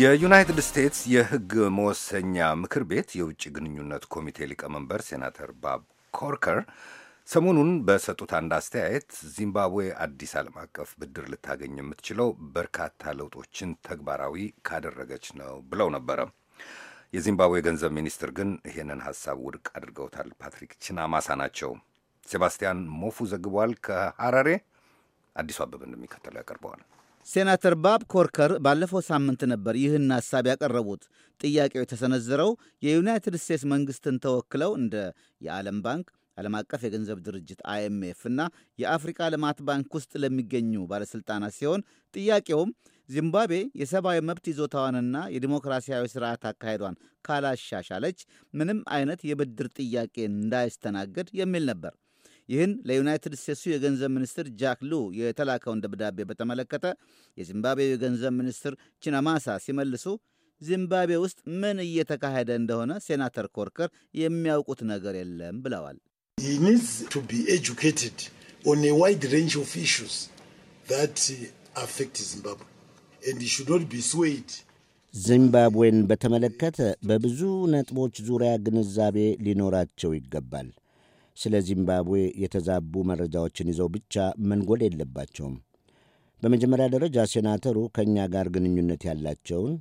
የዩናይትድ ስቴትስ የሕግ መወሰኛ ምክር ቤት የውጭ ግንኙነት ኮሚቴ ሊቀመንበር ሴናተር ባብ ኮርከር ሰሞኑን በሰጡት አንድ አስተያየት ዚምባብዌ አዲስ ዓለም አቀፍ ብድር ልታገኝ የምትችለው በርካታ ለውጦችን ተግባራዊ ካደረገች ነው ብለው ነበረ። የዚምባብዌ ገንዘብ ሚኒስትር ግን ይህንን ሀሳብ ውድቅ አድርገውታል። ፓትሪክ ቺናማሳ ናቸው። ሴባስቲያን ሞፉ ዘግቧል። ከሐራሬ አዲሱ አበበ እንደሚከተለው ያቀርበዋል። ሴናተር ባብ ኮርከር ባለፈው ሳምንት ነበር ይህን ሐሳብ ያቀረቡት። ጥያቄው የተሰነዘረው የዩናይትድ ስቴትስ መንግስትን ተወክለው እንደ የዓለም ባንክ፣ ዓለም አቀፍ የገንዘብ ድርጅት አይኤምኤፍ እና የአፍሪካ ልማት ባንክ ውስጥ ለሚገኙ ባለሥልጣናት ሲሆን ጥያቄውም ዚምባብዌ የሰብአዊ መብት ይዞታዋንና የዲሞክራሲያዊ ስርዓት አካሄዷን ካላሻሻለች ምንም አይነት የብድር ጥያቄ እንዳይስተናገድ የሚል ነበር። ይህን ለዩናይትድ ስቴትሱ የገንዘብ ሚኒስትር ጃክ ሉ የተላከውን ደብዳቤ በተመለከተ የዚምባብዌው የገንዘብ ሚኒስትር ቺናማሳ ሲመልሱ ዚምባብዌ ውስጥ ምን እየተካሄደ እንደሆነ ሴናተር ኮርከር የሚያውቁት ነገር የለም ብለዋል። ዚምባብዌን በተመለከተ በብዙ ነጥቦች ዙሪያ ግንዛቤ ሊኖራቸው ይገባል። ስለ ዚምባብዌ የተዛቡ መረጃዎችን ይዘው ብቻ መንጎድ የለባቸውም። በመጀመሪያ ደረጃ ሴናተሩ ከእኛ ጋር ግንኙነት ያላቸውን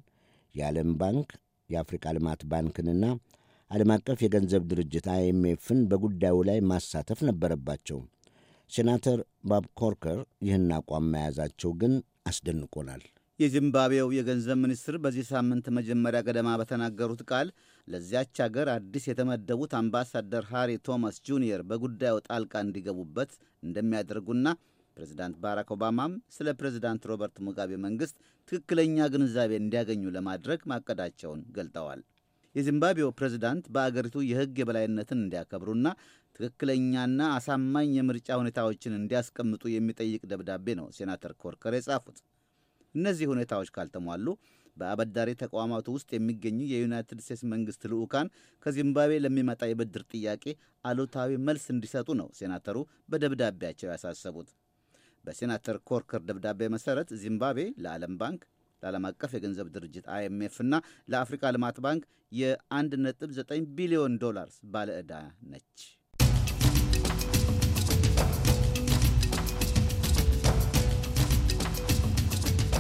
የዓለም ባንክ፣ የአፍሪቃ ልማት ባንክንና ዓለም አቀፍ የገንዘብ ድርጅት አይኤምኤፍን በጉዳዩ ላይ ማሳተፍ ነበረባቸው። ሴናተር ባብ ኮርከር ይህን አቋም መያዛቸው ግን አስደንቆናል። የዚምባብዌው የገንዘብ ሚኒስትር በዚህ ሳምንት መጀመሪያ ገደማ በተናገሩት ቃል ለዚያች አገር አዲስ የተመደቡት አምባሳደር ሃሪ ቶማስ ጁኒየር በጉዳዩ ጣልቃ እንዲገቡበት እንደሚያደርጉና ፕሬዚዳንት ባራክ ኦባማም ስለ ፕሬዚዳንት ሮበርት ሙጋቤ መንግሥት ትክክለኛ ግንዛቤ እንዲያገኙ ለማድረግ ማቀዳቸውን ገልጠዋል። የዚምባብዌው ፕሬዚዳንት በአገሪቱ የሕግ የበላይነትን እንዲያከብሩና ትክክለኛና አሳማኝ የምርጫ ሁኔታዎችን እንዲያስቀምጡ የሚጠይቅ ደብዳቤ ነው ሴናተር ኮርከር የጻፉት። እነዚህ ሁኔታዎች ካልተሟሉ በአበዳሪ ተቋማቱ ውስጥ የሚገኙ የዩናይትድ ስቴትስ መንግስት ልዑካን ከዚምባብዌ ለሚመጣ የብድር ጥያቄ አሉታዊ መልስ እንዲሰጡ ነው ሴናተሩ በደብዳቤያቸው ያሳሰቡት። በሴናተር ኮርከር ደብዳቤ መሰረት ዚምባብዌ ለዓለም ባንክ፣ ለዓለም አቀፍ የገንዘብ ድርጅት አይኤምኤፍ እና ለአፍሪካ ልማት ባንክ የ1.9 ቢሊዮን ዶላርስ ባለ ዕዳ ነች።